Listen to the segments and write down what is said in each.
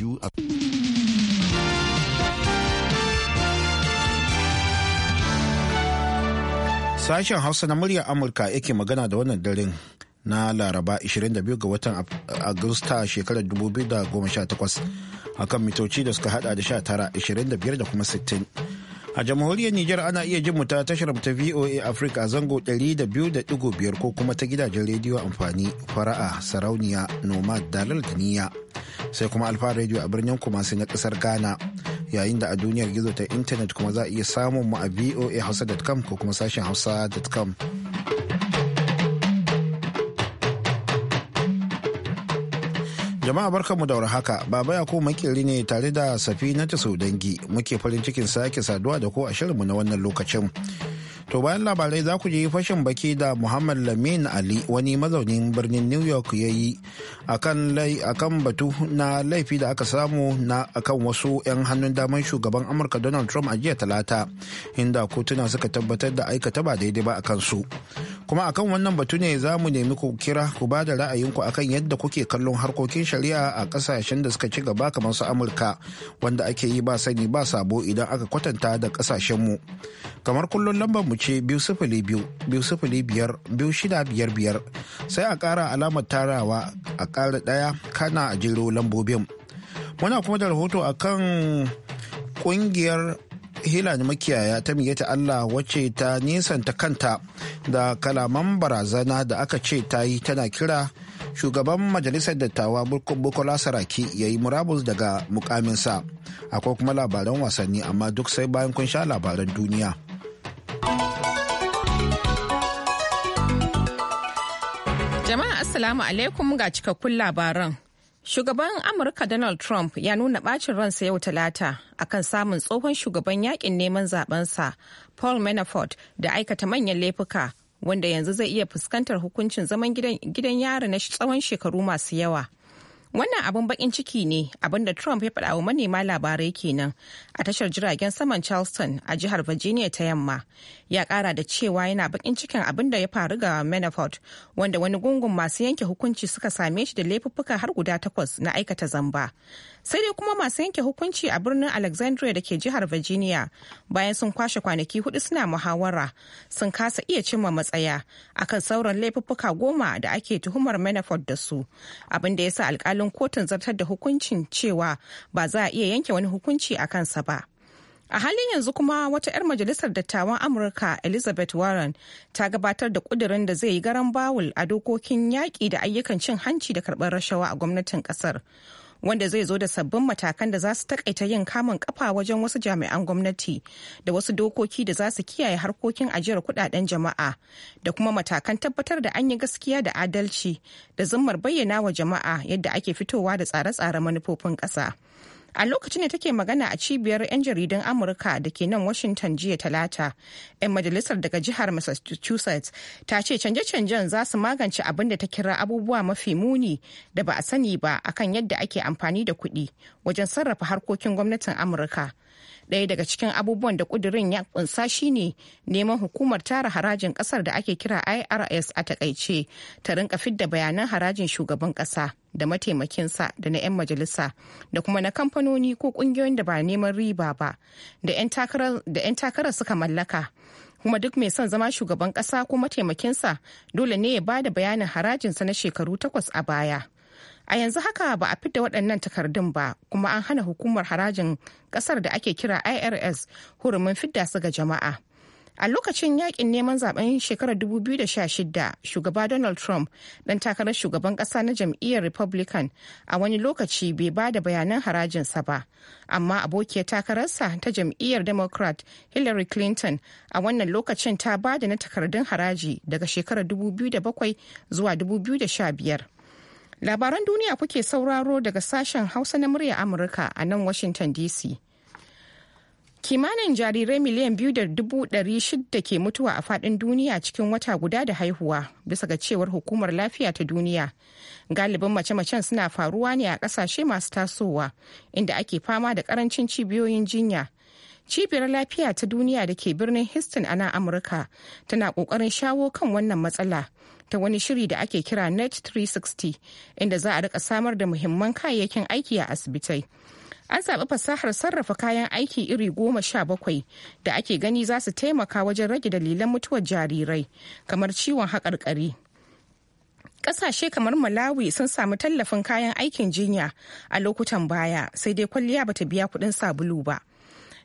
biyu a Sashen Hausa na murya Amurka yake magana da wannan daren na Laraba 22 ga watan Agusta shekarar 2018 akan mitoci da suka hada da 19, 25 da kuma 60. A jamhuriyar Nijar ana iya jin mu ta tashar ta VOA Africa zango 200.5 ko kuma ta gidajen rediyo amfani fara'a sarauniya nomad dalal da niyya sai kuma alfa rediyo a birnin kumasi na kasar Ghana yayin da a duniyar gizo ta intanet kuma za a iya samun mu a VOA hausa.com ko kuma sashen hausa.com. Jama'a mu da haka Baba yakub makeri ne tare da na ta dangi muke farin cikin sake saduwa da ko a shirinmu na wannan lokacin. To bayan labarai za ku je fashin baki da Muhammad Lamin Ali wani mazaunin birnin New York ya yi akan batu na laifi da aka samu na akan wasu 'yan hannun daman shugaban Amurka Donald Trump a jiya talata inda kotuna suka tabbatar da aikata ba daidai ba a kansu. kuma akan wannan batu ne za mu nemi ku kira ku ba da ra'ayinku akan yadda kuke kallon harkokin shari'a a kasashen da suka ci gaba kamar su amurka wanda ake yi ba sani ba sabo idan aka kwatanta da mu kamar kullum lambar mu ce biyu sifili biyu biyu sifili biyar biyu shida biyar biyar sai a kara alamar tarawa a kara ɗaya kana a jero lambobin muna kuma da rahoto akan ƙungiyar. hilani makiyaya ta miyata Allah wacce ta nisanta kanta da kalaman barazana da aka ce ta yi tana kira shugaban majalisar dattawa bukola saraki ya yi murabus daga mukaminsa akwai kuma labaran wasanni amma duk sai bayan kun sha labaran duniya jama'a assalamu alaikum ga cikakkun labaran Shugaban Amurka Donald Trump ya nuna bacin ransa yau talata akan samun tsohon shugaban yakin neman zabensa Paul Manafort da aikata manyan laifuka wanda yanzu zai iya fuskantar hukuncin zaman gidan yari na tsawon shekaru masu yawa. Wannan abin bakin ciki ne abinda Trump ya faɗa wa manema labarai kenan a tashar jiragen saman Charleston a jihar Virginia ta yamma ya kara da cewa yana bakin cikin abin da ya faru ga manafort wanda wani gungun masu yanke hukunci suka same shi da laifuffuka har guda takwas na aikata zamba sai dai kuma masu yanke hukunci a birnin alexandria da ke jihar virginia bayan sun kwashe kwanaki hudu suna muhawara sun kasa iya cimma matsaya akan sauran laifuffuka goma da ake tuhumar manafort da su abin da ya sa alkalin kotun zartar da hukuncin cewa ba za a iya yanke wani hukunci a kansa ba A halin yanzu kuma wata 'yar majalisar dattawan Amurka Elizabeth Warren ta gabatar da kudirin da zai yi garan bawul a dokokin yaƙi da ayyukan cin hanci da karɓar rashawa a gwamnatin ƙasar. Wanda zai zo da sabbin matakan da za su takaita yin kamun kafa wajen wasu jami'an gwamnati da wasu dokoki da za su kiyaye harkokin ajiyar kudaden jama'a da kuma matakan tabbatar da an yi gaskiya da adalci da zummar bayyana wa jama'a yadda ake fitowa da tsare-tsare manufofin ƙasa. a lokacin da take magana a cibiyar 'yan jaridan amurka da ke nan washington jiya talata 'yan majalisar daga jihar massachusetts ta ce canje-canjen za su magance abin da ta kira abubuwa mafi muni da ba a sani ba akan yadda ake amfani da kuɗi wajen sarrafa harkokin gwamnatin amurka ɗaya daga cikin abubuwan da ƙudurin ya kunsa shine neman hukumar tara harajin ƙasar da ake kira irs a takaice ta rinka fidda bayanan harajin shugaban ƙasa da mataimakinsa da na 'yan majalisa da kuma na kamfanoni ko kungiyoyin da ba neman riba ba da 'yan takarar suka mallaka kuma duk mai son zama shugaban kasa ko mataimakinsa dole ne ya bada bayanin harajinsa na shekaru takwas a baya a yanzu haka ba a fidda waɗannan takardun ba kuma an hana hukumar harajin ƙasar da ake kira irs hurumin fidda su ga jama'a a lokacin yakin neman zaben shekarar 2016 shugaba donald trump dan takarar shugaban kasa na jam'iyyar republican a wani lokaci bai ba da bayanan harajinsa ba amma abokiyar takararsa ta jam'iyyar democrat hillary clinton a wannan lokacin ta ba da na takardun haraji daga shekarar 2007 zuwa 2015 labaran duniya kuke sauraro daga sashen hausa na murya amurka a nan washington dc kimanin jarirai miliyan biyu da dubu ɗari shida ke mutuwa a faɗin duniya cikin wata guda da haihuwa bisa ga cewar hukumar lafiya ta duniya galibin mace-macen suna faruwa ne a ƙasashe masu tasowa inda ake fama da ƙarancin cibiyoyin jinya cibiyar lafiya ta duniya da ke birnin houston a nan amurka tana ƙoƙarin shawo kan wannan matsala ta wani shiri da ake kira net 360 inda za a rika samar da muhimman kayayyakin aiki a asibitai an zaɓi fasahar sarrafa kayan aiki iri goma sha bakwai da ake gani za su taimaka wajen rage dalilan mutuwar jarirai kamar ciwon haƙarƙari Ƙasashe kamar Malawi sun samu tallafin kayan aikin jinya a lokutan baya sai dai kwalliya bata biya kuɗin sabulu ba.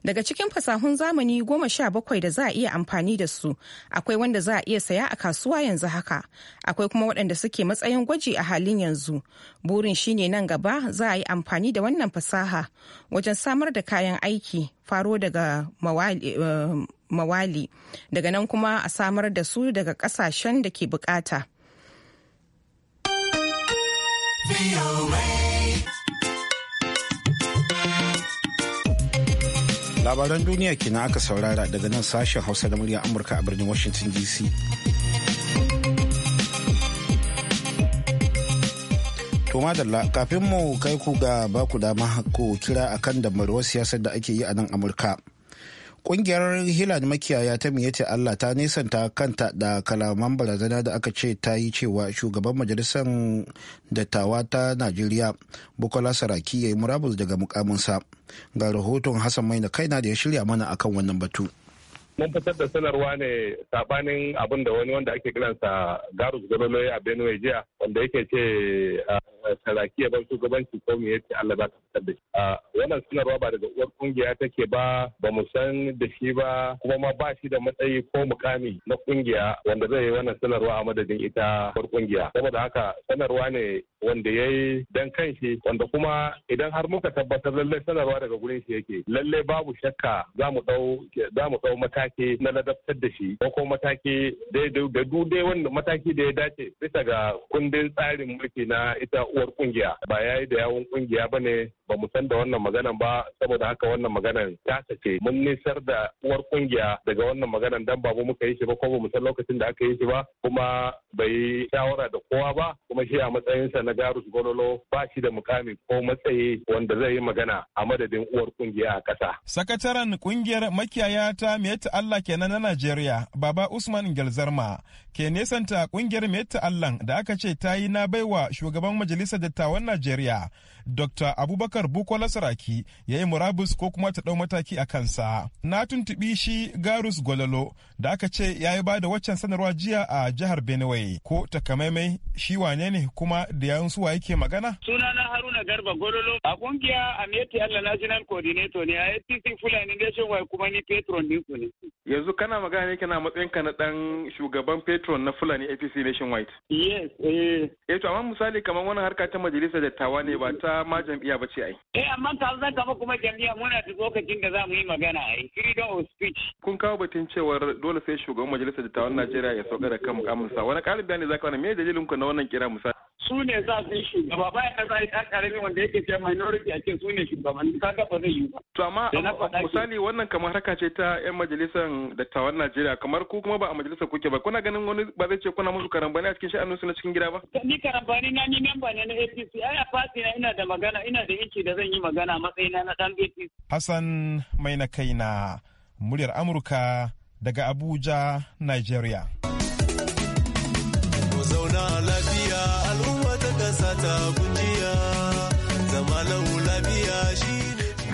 Daga cikin fasahun zamani goma sha bakwai da za a iya amfani da su, akwai wanda za a iya saya a kasuwa yanzu haka, akwai kuma waɗanda suke matsayin gwaji a halin yanzu. Burin shine nan gaba za a yi amfani da wannan fasaha wajen samar da kayan aiki faro daga mawali, eh, daga nan kuma a samar da su daga ƙasashen da ke bukata. labaran duniya kenan aka saurara daga nan sashen hausa da murya amurka a birnin washington dc to madalla kafin mu kai ku ga baku dama ko kira akan wasu siyasar da ake yi a nan amurka Kungiyar da makiyaya ta ce Allah ta nisanta kanta da kalaman barazana da aka ce ta yi cewa shugaban majalisar dattawa ta Najeriya Bukola Saraki ya yi murabus daga mukaminsa. Ga rahoton Hassan Mai na kaina da ya shirya mana akan wannan batu. mun fitar da sanarwa ne sabanin abin da wani wanda ake kiransa garus gololo a benue jiya wanda yake ce karaki ya bar shugabanci ko me yace Allah za ta fitar da shi wannan sanarwa ba daga uwar kungiya take ba ba mu san da shi ba kuma ma ba shi da matsayi ko mukami na kungiya wanda zai yi wannan sanarwa a madadin ita uwar kungiya saboda haka sanarwa ne wanda ya yi dan shi wanda kuma idan har muka tabbatar lallai sanarwa daga gurin shi yake lallai babu shakka za mu dau za mu dau mataki na ladabtar da shi ko kuma mataki da dai wanda mataki da ya dace bisa ga kundin tsarin mulki na ita uwar kungiya ba yayi da yawun kungiya ne ba mu san da wannan maganan ba saboda haka wannan maganan ta sace mun nisar da uwar kungiya daga wannan maganan dan ba mu muka yi shi ba ko ba mu san lokacin da aka yi shi ba kuma bai yi shawara da kowa ba kuma shi a matsayinsa na garus gololo ba shi da mukami ko matsayi wanda zai yi magana a madadin uwar kungiya a kasa. sakataren kungiyar makiyaya ta meta allah kenan na najeriya baba usman gelzarma ke nesanta kungiyar meta allah da aka ce ta yi na baiwa shugaban majalisar majalisar dattawan Najeriya Dr. Abubakar Bukola Saraki ya yi murabus ko kuma ta ɗau mataki a kansa. Na tuntuɓi shi Garus Gwalalo da aka ce ya yi bada waccan sanarwa jiya a jihar Benue ko takamaimai shi wane ne kuma da yayin suwa yake magana? Sunana Haruna Garba Gwalalo a kungiya meti Allah National Coordinator ne a ATC Fulani Nation wai kuma ni patron din ne. Yanzu kana magana ne kana matsayin ka na dan shugaban petron na Fulani APC Nation White. Yes. Eh. Eh to amma misali kamar wannan harka ta majalisar dattawa ne ba ta ma jam'iyya ba ce ai. Eh amma ka zan kama kuma jam'iyya muna da lokacin da za mu yi magana ai. Freedom of speech. Kun kawo batun cewar dole sai shugaban majalisar dattawan Najeriya ya sauka da kan mukamansa. Wani ƙarin bayani za ka wani me dalilin ku na wannan kira musa. su ne za su yi shugaba ba ya za a karami wanda yake ce minority a ce su ne shugaban ka ba zai yi ba. To amma misali wannan kamar haka ce ta 'yan majalisar dattawan Najeriya kamar ku kuma ba a majalisar kuke ba kuna ganin wani ba zai ce kuna musu karambani a cikin sha'anin su na cikin gida ba. Ni karambani na ni memba ne na APC ai a fati na ina da magana ina da yanci da zan yi magana matsayina na dan bp Hassan mai na kaina muryar Amurka daga Abuja, Nigeria. Zauna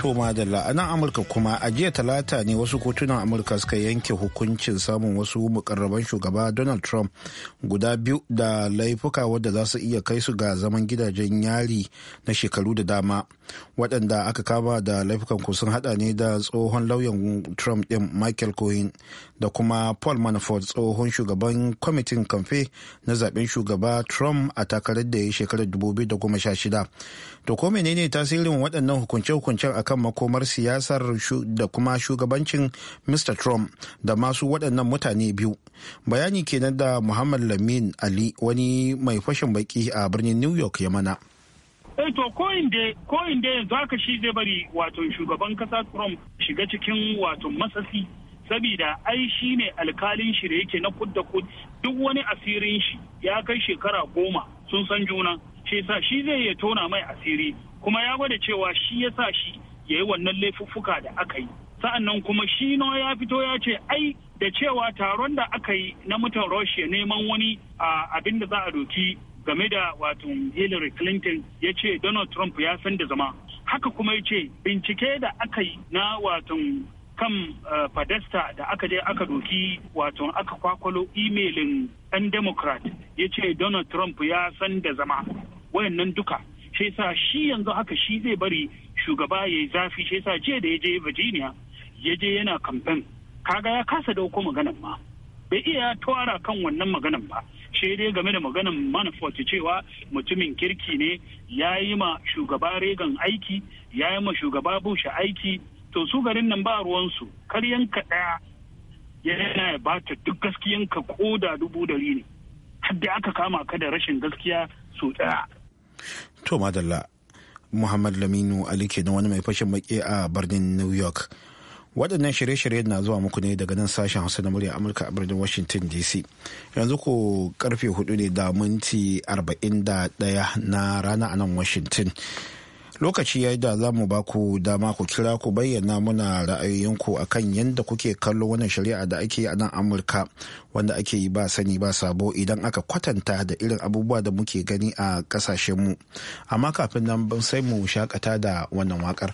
To madalla a Amurka kuma a jiya talata ne wasu kotunan Amurka suka yanke hukuncin samun wasu mukarraban shugaba Donald Trump guda biyu da laifuka wadda za su iya kai su ga zaman gidajen yari na shekaru da dama. Waɗanda aka kama da laifukan sun hada ne da tsohon lauyan Trump ɗin Michael Cohen da kuma paul manafort tsohon shugaban kwamitin kamfe na zaben shugaba trump a takarar da ya shekarar 2016 to ko menene tasirin waɗannan hukunce-hukuncen akan makomar siyasar da kuma shugabancin mr trump da masu waɗannan mutane biyu bayani kenan da muhammad lamin ali wani mai fashin baki a birnin new york ya mana eh to koyin da koyin da yanzu aka shi zai bari wato shugaban kasa Trump shiga cikin wato masasi saboda ai shi ne alkalin shi da yake na kudda da duk wani asirin shi ya kai shekara goma sun san juna shi sa shi zai ya tona mai asiri kuma ya gwada cewa shi ya sa shi ya yi wannan laifuffuka da aka yi sa'annan kuma shi no ya fito ya ce ai da cewa taron da aka yi na mutan russia neman wani abin da za a doki game da wato hillary clinton ya ce donald trump ya san da zama haka kuma ya ce bincike da aka yi na watan kan eh, fadasta da aka je aka doki wato aka kwakwalo imelin ɗan democrat ya ce donald trump ya san da zama wayannan duka shi sa shi yanzu haka shi zai bari shugaba ya yi zafi shi sa je da ya je virginia ya je yana kamfen kaga ya kasa dauko maganan ma bai iya tuwara kan wannan maganan ba shi dai game da maganan manafort cewa mutumin kirki ne ya yi ma shugaba regan aiki ya yi ma shugaba bushe aiki to su garin nan ba ruwansu karyanka ɗaya yana ya bata duk gaskiyanka ko da dubu dari ne hadda aka kama ka da rashin gaskiya su ɗaya. to madalla muhammad laminu ali na wani mai fashin baki a birnin new york waɗannan shirye-shirye na zuwa muku ne daga nan sashen hausa na murya amurka a birnin washington dc yanzu ko karfe hudu ne da minti 41 na rana a nan washington lokaci ya yi da za mu ba ku dama ku kira ku bayyana muna ra'ayoyinku a kan yadda kuke kallo wannan shari'a da ake yi a nan amurka wanda ake yi ba sani ba sabo idan aka kwatanta da irin abubuwa da muke gani a kasashenmu amma kafin nan sai mu shakata da wannan wakar.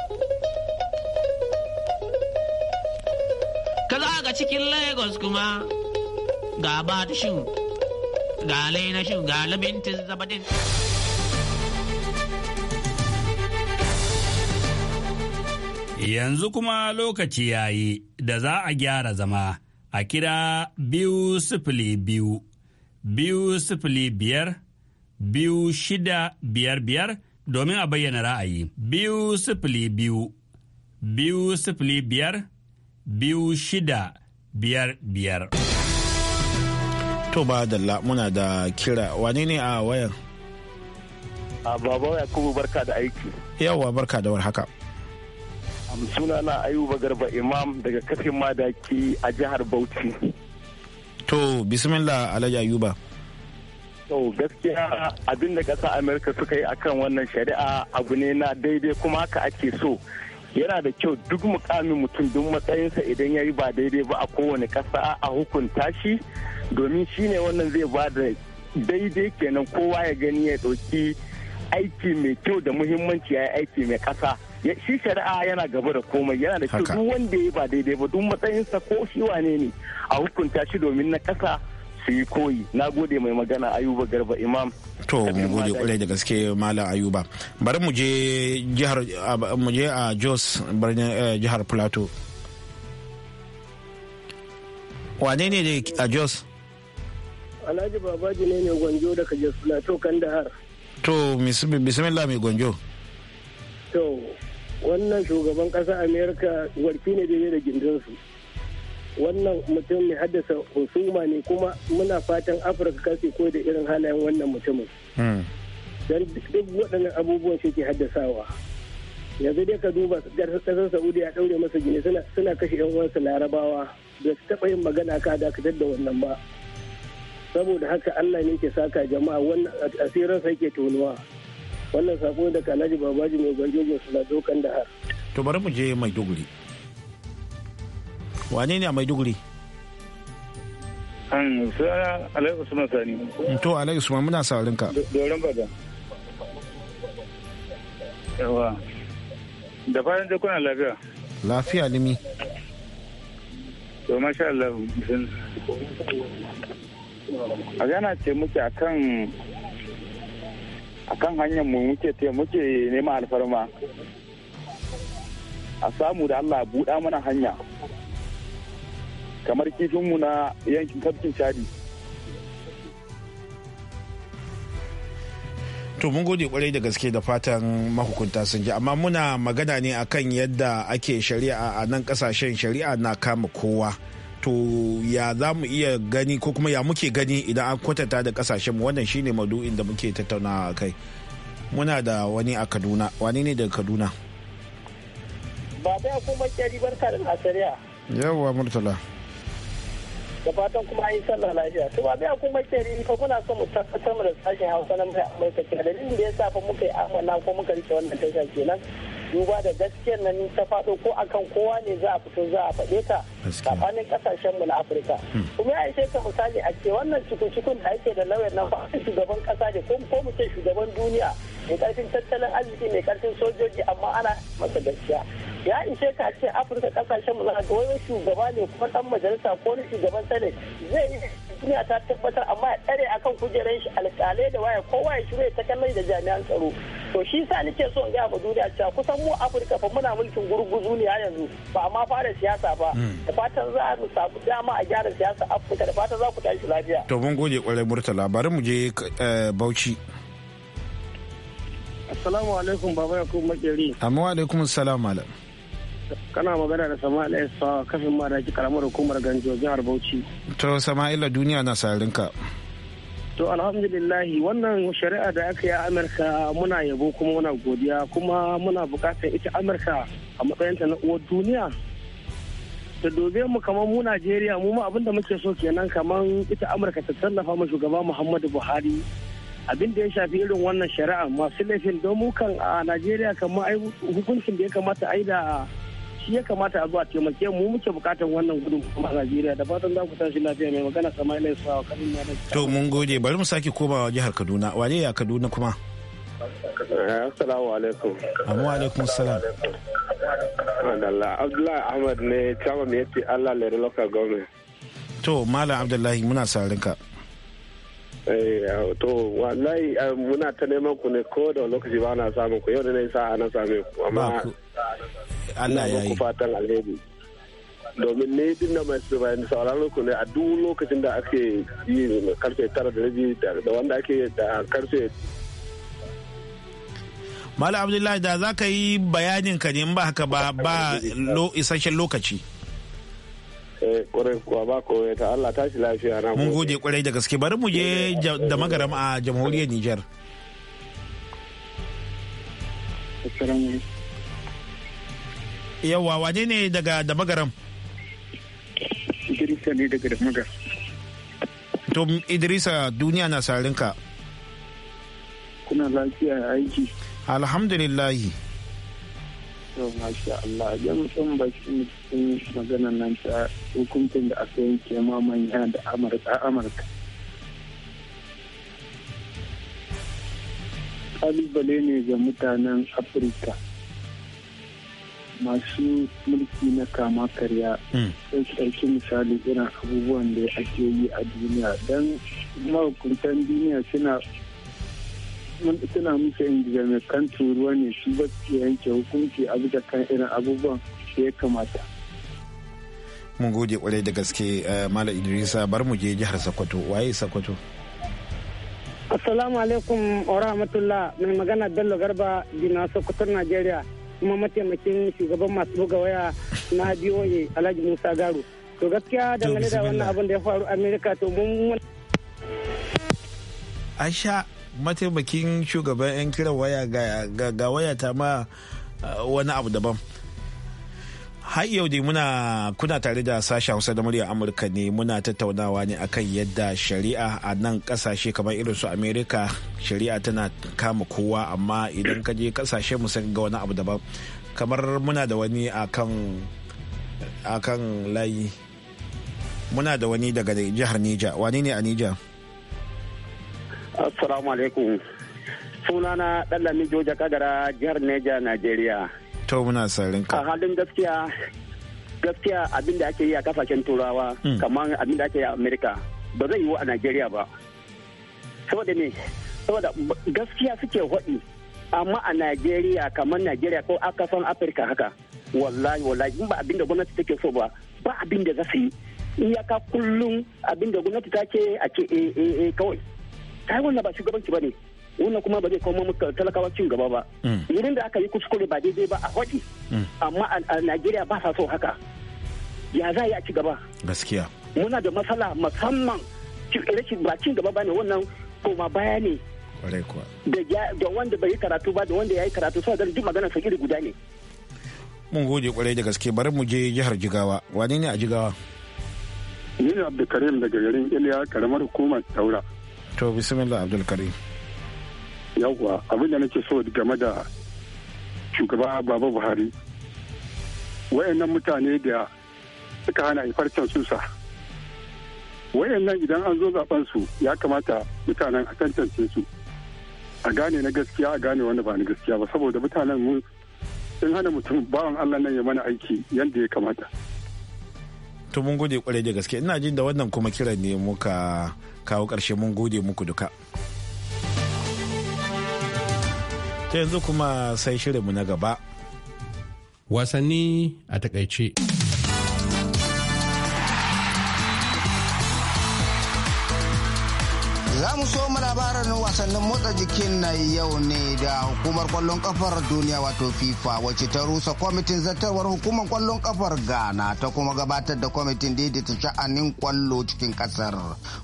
a cikin Lagos kuma ga ga ga labintin zabadin. Yanzu kuma lokaci yayi da za a gyara zama a kira biyu sifili biyu, biyu sifili biyar, biyu shida biyar biyar domin a bayyana ra'ayi. Biyu sifili biyu, biyu sifili biyar, biyu shida biyar biyar. To ba da muna da kira wane ne a wayan? A baba kuma barka da aiki. Yawwa barka da war haka. Suna na Ayuba Garba Imam daga kafin madaki a jihar Bauchi. To bismillah Alhaji Ayuba. To gaskiya abin da ƙasa Amerika suka yi akan wannan shari'a abu ne na daidai kuma haka ake so. yana da kyau duk mukamin mutum duk matsayinsa idan ya yi ba daidai ba a kowane kasa a hukunta shi domin shine wannan zai ba da daidai kenan kowa ya gani ya ɗauki aiki mai kyau da muhimmanci ya yi aiki mai kasa shi shari'a yana gaba da komai yana da kyau duk wanda ya yi ba daidai ba duk matsayinsa ko shi wane ne a hukunta shi domin na kasa su yi koyi na gode mai magana ayuba garba imam to mu gode kwarai da gaske malam ayuba bari mu je jihar mu je a jos birnin eh, jihar plateau wane ne ne a jos alhaji babaji ne ne gwanjo daga jos plateau kandahar to bismillah mai gwanjo to wannan shugaban kasa amerika warki ne daidai da gindinsu wannan mutum mai haddasa husuma ne kuma muna fatan afirka kasi ko da irin halayen wannan mutumin hmm. don duk waɗannan abubuwan shi ke haddasawa yanzu dai ka duba ƙasar saudiya ɗaure masa gini suna kashe yan uwansa larabawa da su taɓa yin magana ka dakatar da wannan ba saboda haka allah ne ke saka jama'a wannan asirin sa ke tonuwa wannan sako da kalaji babaji mai gwanjojin suna dokan da har to bari mu je maiduguri wane ne a maiduguri an suna alai usman sani to alai usman muna saurin ka doron bada yawa da fatan da kuna lafiya lafiya limi to masha Allah a gana ce muke akan akan hanyar mu muke te muke neman alfarma a samu da Allah buɗa mana hanya kamar kifinmu na yankin kafin chadi to mun gode kwarai da gaske da fatan mahukunta sun ji amma muna magana ne akan yadda ake shari'a a nan kasashen shari'a na kama kowa to ya za mu iya gani ko kuma ya muke gani idan an kwatanta da kasashen mu wannan shine madu'in da muke tattaunawa a kai muna da wani a kaduna wani ne daga kaduna ba da kuma kyari barka da shari'a yawa murtala da fatan kuma an yi sallah lafiya to ba biya kuma keri ko kuna son mu tabbatar da sashen hausa na mai amurka ke dalilin da ya sa fa muka yi amana ko muka rike wannan tasha kenan duba da gaskiyar nan ta faɗo ko akan kowa ne za a fito za a faɗe ta tsakanin kasashen mu na afirka hmm. kuma ya ishe ka misali a ce wannan cikin da ake da lauyan nan ba shugaban kasa ne ko mu ce shugaban duniya mai karfin tattalin arziki mai karfin sojoji amma ana masa gaskiya ya ishe ka ce afirka kasashen mu za a ga wani shugaba ne ko dan majalisa ko shugaban sanin zai duniya ta tabbatar amma ya tsare akan kujerar shi alƙalai da waya kowa ya shirya ta kallon da jami'an tsaro to shi sa nake so in ga ma duniya cewa kusan mu Afirka fa muna mulkin gurguzu ne yanzu ba amma fara siyasa ba hmm. da fatan za mu samu dama a gyara siyasa Afirka da fatan za ku tashi lafiya to mun gode kwarai Murtala bari mu je eh, Bauchi Assalamu alaikum Baba Yakubu Makeri. Amma alaikum salam malam. kana magana da sama'ila isa kafin ma da ki karamar hukumar ganjo jihar bauchi to sama'ila duniya na sarinka to alhamdulillahi wannan shari'a da aka yi a amurka muna yabo kuma muna godiya kuma muna bukatar ita amurka a matsayinta na uwar duniya da dobe mu kamar mu najeriya mu ma abinda muke so kenan kamar ita amurka ta tallafa ma shugaba muhammadu buhari abin da ya shafi irin wannan shari'a masu laifin don mukan kan a najeriya kamar hukuncin da ya kamata yi da shi ya kamata a zuwa taimake mu muke bukatar wannan gudun kuma a Najeriya da fatan za ku shi lafiya mai magana Sama'ila Isawa kanin na To mun gode bari mu sake komawa jihar Kaduna waye ya Kaduna kuma eh, Assalamu alaikum. Amu alaikum salam. Abdullahi Ahmad ne chama mai yace Allah lere local government. To Malam Abdullahi muna sarin ka. Eh, to wallahi eh, muna ta neman ku ne ko da lokaci ba na samun ku yau da na yi sa'a na same ku amma Allah ya yi fatan alheri domin ne din da mai bayan sauraron ku ne a duk lokacin da ake yi karfe tara da rabi da wanda ake da karfe Mala Abdullahi da za ka yi bayanin ka ne ba haka ba ba isasshen lokaci. Eh, mun gode kwarai da gaske bari mu je eh, da eh. magaram a jamhuriyar Nijar. yawa wane ne daga da magaram idrisa ne daga da magaram to idrisa duniya na sarinka kuna lafiya aiki alhamdulillahi to masha Allah yan san shi cikin magana nan ta hukuncin da aka yanke ma manya da amurka amurka kalibale ne ga mutanen afirka masu mulki na kama karya hmm. sun ɗauki misali irin abubuwan da ake yi a duniya don mahukuntan duniya suna suna musu yin kan turuwa ne su ba su yanke hukunci a bisa kan irin abubuwan da ya kamata. mun gode kwarai da gaske eh, malam idrisa bar mu je jihar sokoto waye sokoto assalamu alaikum wa rahmatullah mai magana bello garba dina sokoton najeriya kuma mataimakin shugaban masu buga waya na DOA Alhaji Musa Garo. To gaskiya dangane da wannan abin da ya faru Amerika to mun Aisha mataimakin shugaban 'yan kiran waya ga waya ta ma uh, wani abu daban. har yau dai muna kuna tare da sashen hausa da murya amurka ne muna tattaunawa ne akan yadda shari'a a nan kasashe kamar irin su amerika shari'a tana kama kowa amma idan ka je kasashe mu san ga wani abu daban kamar muna da wani akan kan layi muna da wani daga jihar nija wani ne a nija assalamu alaikum sunana ɗan joja kagara jihar nija nigeria to muna sarin ka a halin gaskiya gaskiya abin da ake yi a kasashen turawa hmm. kamar abin da ake yi a amerika ba zai yiwu a najeriya ba saboda ne saboda gaskiya suke haɗi amma a najeriya kamar najeriya ko a kasan afirka haka wallahi wallahi ba abin da gwamnati take so ba ba abin da za su yi iyaka kullum abin da gwamnati ta ce a ce eh eh, eh kawai ta yi wannan ba shugabanci ba ne wannan kuma ba zai kawo muka talakawa cin gaba ba irin mm. da aka yi kuskure ba daidai ba a hodi mm. amma a Najeriya ba sa so haka ya za a ci gaba gaskiya muna da matsala musamman rashin ba cin gaba ba ne wannan koma baya ne da wanda bai yi karatu ba da wanda ya yi karatu sau da duk magana sa iri guda ne mun gode kwarai da gaske bari mu je jihar jigawa wani ne a jigawa ni ne abdulkarim daga garin iliya karamar hukumar taura to bismillah abdulkarim yawwa abin da nake so game da shugaba baba buhari wayannan mutane da suka hana farcen susa wayannan idan an zo zaben su ya kamata mutanen a tantance su a gane na gaskiya a gane wanda ba na gaskiya ba saboda mutanen mu sun hana mutum bawan allah nan ya mana aiki yadda ya kamata to mun gode kwarai da gaske ina jin da wannan kuma kiran ne muka kawo karshe mun gode muku duka ta yanzu kuma sai shirinmu na gaba wasanni a takaice labaran wasannin motsa jikin na yau ne da hukumar kwallon kafar duniya wato FIFA wacce ta rusa kwamitin zartarwar hukumar kwallon kafar Ghana ta kuma gabatar da kwamitin daidaita sha'anin kwallo cikin kasar.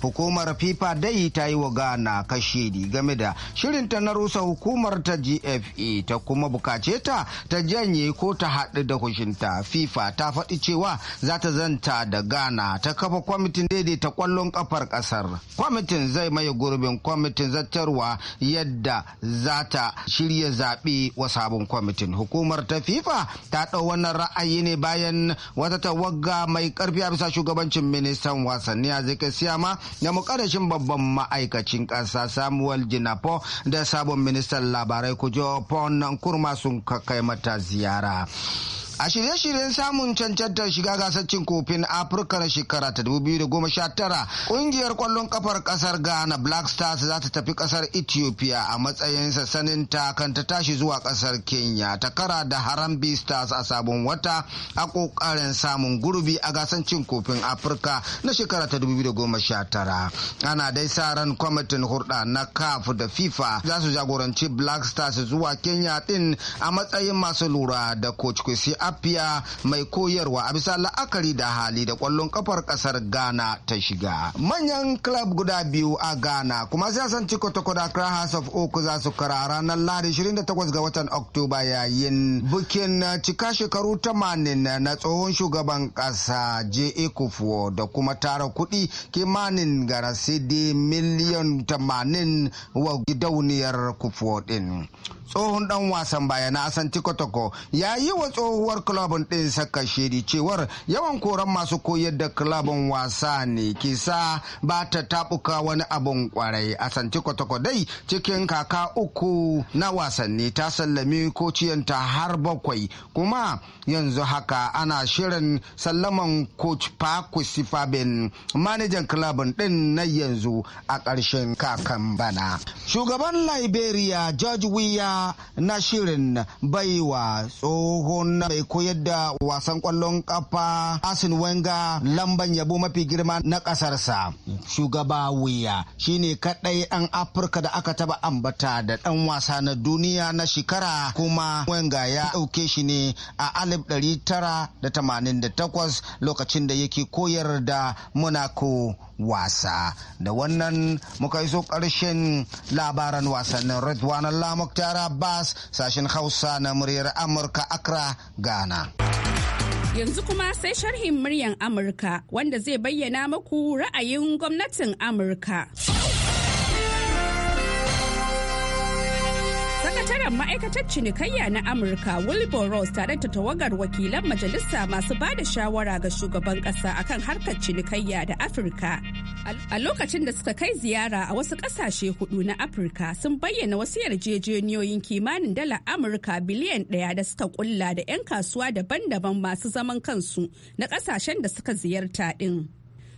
Hukumar FIFA dai ta yi wa Ghana di game da shirinta na rusa hukumar ta GFA ta kuma bukace ta ta janye ko ta haɗu da kushinta. FIFA ta faɗi cewa za ta zanta da Ghana ta kafa kwamitin daidaita kwallon kafar kasar. Kwamitin zai maye gurbin kwamitin kwamitin zartarwa yadda za ta shirya zaɓe wa sabon kwamitin hukumar ta fifa ta ɗau wannan ra'ayi ne bayan wata tawaga mai ƙarfi a bisa shugabancin ministan wasanni a zika siyama da mukarashin babban ma'aikacin ƙasa samuel jinapo da sabon ministan labarai kujo pon kurma sun kai mata ziyara A shirye-shiryen samun cancantar shiga gasar cin kofin Afirka na shekara ta 2019, kungiyar kwallon kafar kasar Ghana Black Stars za ta tafi kasar Ethiopia a matsayin sanin ta kan ta tashi zuwa kasar Kenya ta kara da Harambee Stars a sabon wata a kokarin samun gurbi a gasar cin kofin Afirka na shekara ta 2019. Ana dai sa ran kwamitin hurɗa na CAF da FIFA za su jagoranci Black Stars zuwa Kenya din a matsayin masu lura da Coach Kwesi afiya mai koyarwa a bisa la'akari da hali da kwallon kafar kasar Ghana ta shiga. Manyan club guda biyu a Ghana kuma siyasan Ciko ta da Accra House of Oak za su kara ranar Lahadi 28 ga watan Oktoba yayin bikin cika shekaru 80 na tsohon shugaban kasa je Kufuor da kuma tara kuɗi kimanin garasidi miliyan 80 wa gidauniyar din. Tsohon dan wasan baya na Asanti tikotoko ya yi wa tsohuwar shugabar kulabun ɗin saka shiri cewar yawan koran masu koyar da kulabun wasa ne kisa ba ta tabuka wani abun kwarai a santi kwatakwadai cikin kaka uku na wasanni ta sallami kociyanta har bakwai kuma yanzu haka ana shirin sallaman coach Paco sifabin manajan kulabun ɗin na yanzu a ƙarshen kakan bana. Shugaban Liberia George Weah na shirin baiwa tsohon mai koyar da wasan kwallon kafa asin Wenger lamban yabo mafi girma na kasarsa. Shugaba wuya shine kadai ɗan Afirka da aka taba ambata da ɗan wasa na duniya na shekara kuma Wenger ya ɗauke shi ne a 1988 lokacin da yake koyar da Monaco wasa da wannan muka iso ƙarshen labaran wasannin redwana Allah Abbas sashen Hausa na muryar Amurka Accra Ghana. Yanzu kuma sai sharhin muryan Amurka wanda zai bayyana muku ra'ayin gwamnatin Amurka. sakataren ma'aikatar cinikayya na amurka wilbur ross tare da tawagar wakilan majalisa masu ba da shawara ga shugaban kasa akan harkar cinikayya da afirka a lokacin da suka kai ziyara a wasu kasashe hudu na afirka sun bayyana wasu yarjejeniyoyin kimanin dala amurka biliyan daya da suka kulla da 'yan kasuwa daban-daban masu zaman kansu na kasashen da suka ziyarta din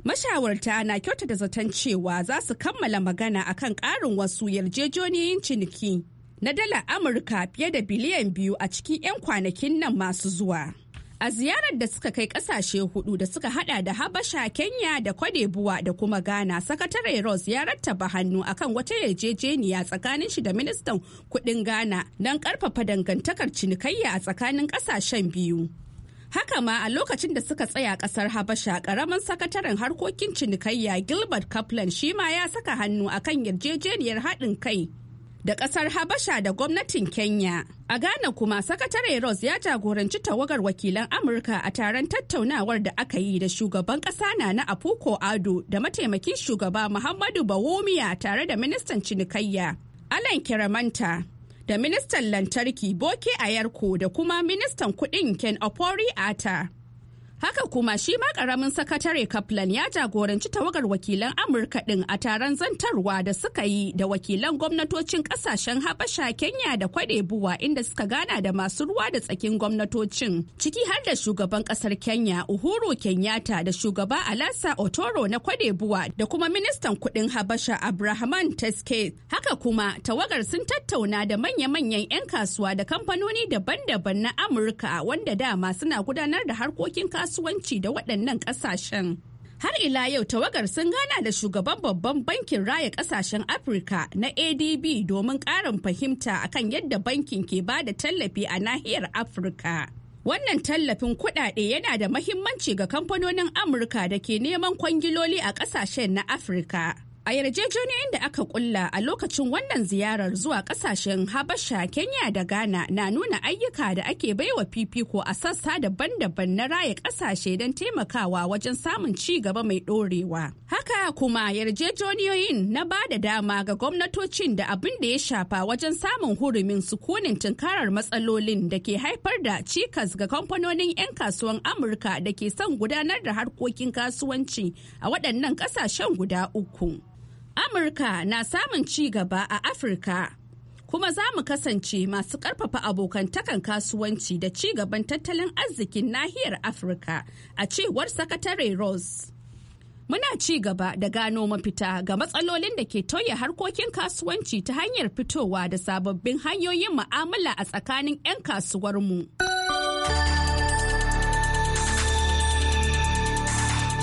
mashawarta na kyauta da zaton cewa za su kammala magana akan ƙarin wasu yarjejeniyoyin ciniki na dalar Amurka fiye da biliyan biyu a cikin 'yan kwanakin nan masu zuwa. A ziyarar da suka kai kasashe hudu da suka hada da Habasha, Kenya da Kwadebuwa da kuma Ghana, Sakatare Ross ya rattaba hannu akan wata yarjejeniya tsakanin shi da ministan kudin Ghana don karfafa dangantakar cinikayya a tsakanin kasashen biyu. Haka ma a lokacin da suka tsaya kasar Habasha karamin sakataren harkokin cinikayya Gilbert Kaplan shi ma ya saka hannu akan yarjejeniyar haɗin kai da kasar Habasha da gwamnatin Kenya. A Ghana kuma sakatare Ross ya jagoranci tawagar wakilan Amurka a taron tattaunawar da aka yi da shugaban ƙasa na na Apuko Ado da mataimakin shugaba Muhammadu Bawumia tare da ministan cinikayya Alan Kiramanta da ministan lantarki Boke Ayarko da kuma ministan kuɗin Ken Opori Ata. Haka kuma shi ma karamin sakatare Kaplan ya jagoranci tawagar wakilan Amurka ɗin a taron zantarwa da suka yi da wakilan gwamnatocin ƙasashen Habasha, Kenya da Kwadebuwa inda suka gana da masu ruwa da tsakin gwamnatocin, ciki har da shugaban ƙasar Kenya Uhuru Kenyatta da shugaba Alasa Otoro na Kwadebuwa da kuma ministan kuɗin Habasha Abrahaman Teske. Haka kuma tawagar sun tattauna da manya-manyan 'yan kasuwa da kamfanoni daban-daban na Amurka wanda dama suna gudanar da harkokin kasuwa kasuwanci da waɗannan ƙasashen. Har ila yau tawagar sun gana da shugaban babban bankin raya ƙasashen Afirka na ADB domin ƙarin fahimta akan yadda bankin ke ba da tallafi a nahiyar Afirka. Wannan tallafin kuɗaɗe yana da mahimmanci ga kamfanonin Amurka da ke neman kwangiloli a ƙasashen na Afirka. A yarjejeniyoyin da aka kulla a lokacin wannan ziyarar zuwa kasashen Habasha, Kenya da Ghana na nuna ayyuka da ake baiwa fifiko a sassa daban-daban na raya kasashe don taimakawa wajen samun ci gaba mai ɗorewa. Haka kuma yarjejeniyoyin na ba da dama ga gwamnatocin da abin da ya shafa wajen samun hurumin sukunin tunkarar matsalolin da ke haifar da cikas ga kamfanonin 'yan kasuwan Amurka da ke son gudanar da harkokin kasuwanci a waɗannan ƙasashen guda uku. Amurka na samun ci gaba a Afirka. Kuma za mu kasance masu ƙarfafa abokantakan kasuwanci da ci gaban tattalin arzikin nahiyar Afirka a cewar Sakatare Rose. muna ci gaba da gano mafita ga matsalolin da ke tauye harkokin kasuwanci ta hanyar fitowa da sababbin hanyoyin mu'amala a tsakanin 'yan kasuwarmu.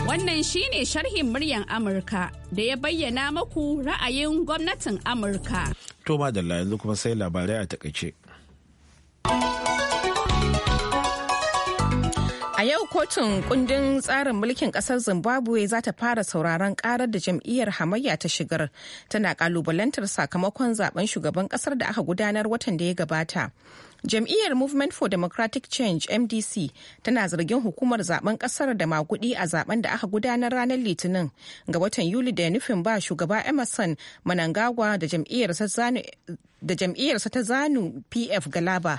Wannan shi ne sharhin muryan Amurka da ya bayyana maku ra'ayin gwamnatin Amurka. To madalla yanzu kuma sai labarai a takaice. A yau kotun kundin tsarin mulkin kasar Zimbabwe za ta fara sauraron karar da jam'iyyar hamayya ta shigar tana kalubalantar sakamakon zaben shugaban kasar da aka gudanar watan da ya gabata. Jam'iyyar Movement for Democratic Change MDC tana zargin hukumar zaben kasar da makudi a zaben da aka gudanar ranar Litinin ga watan Yuli da ya nufin ba shugaba Emerson Manangagwa da jam'iyyarsa ta zanu PF Galaba.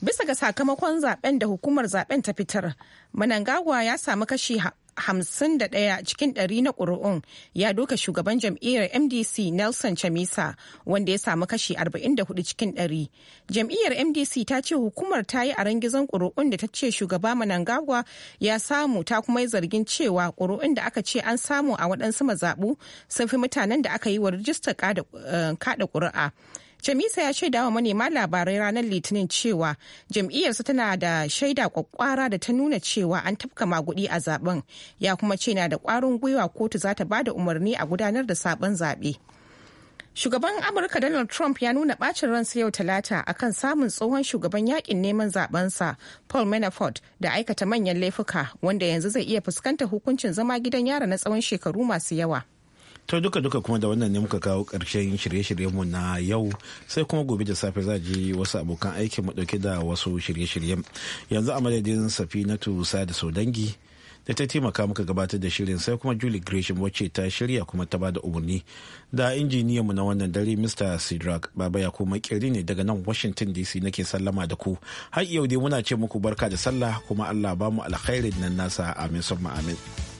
Bisa ga sakamakon zaben da hukumar zaben ta fitar, Manangagwa ya samu kashi 51 cikin 100 na ƙuri'un ya doka shugaban jam'iyyar MDC Nelson Chamisa wanda ya samu kashi 44 cikin 100. Jam'iyyar MDC ta ce hukumar ta yi a rangizan ƙuri'un da ta ce shugaba Manangagwa ya samu ta kuma yi zargin cewa ƙuri'un da aka ce an samu a waɗansu mazaɓu sun fi mutanen da aka yi wa rijistar kada eh, ƙuri'a. Jamisa ya shaida wa manema labarai ranar Litinin cewa jam'iyyarsa tana da shaida kwakwara da ta nuna cewa an tafka magudi a zaben ya kuma ce na da kwarin gwiwa kotu za ta bada umarni a gudanar da sabon zaɓe. Shugaban Amurka Donald Trump ya nuna bacin ransa yau Talata akan samun tsohon shugaban yakin neman zabensa Paul Manafort da aikata manyan laifuka wanda yanzu zai iya fuskantar hukuncin zama gidan yara na tsawon shekaru masu yawa. to duka duka kuma da wannan ne muka kawo karshen shirye-shiryenmu na yau sai kuma gobe da safe za ji wasu abokan aiki mu dauke da wasu shirye-shiryen yanzu a madadin safinatu sada tusa da ta taimaka muka gabatar da shirin sai kuma juli gresham wacce ta shirya kuma ta bada umarni da injiniyanmu na wannan dare mr sidrak baba ya kuma kirri ne daga nan washington dc nake sallama da ku har yau dai muna ce muku barka da sallah kuma allah bamu alkhairin nan nasa amin summa amin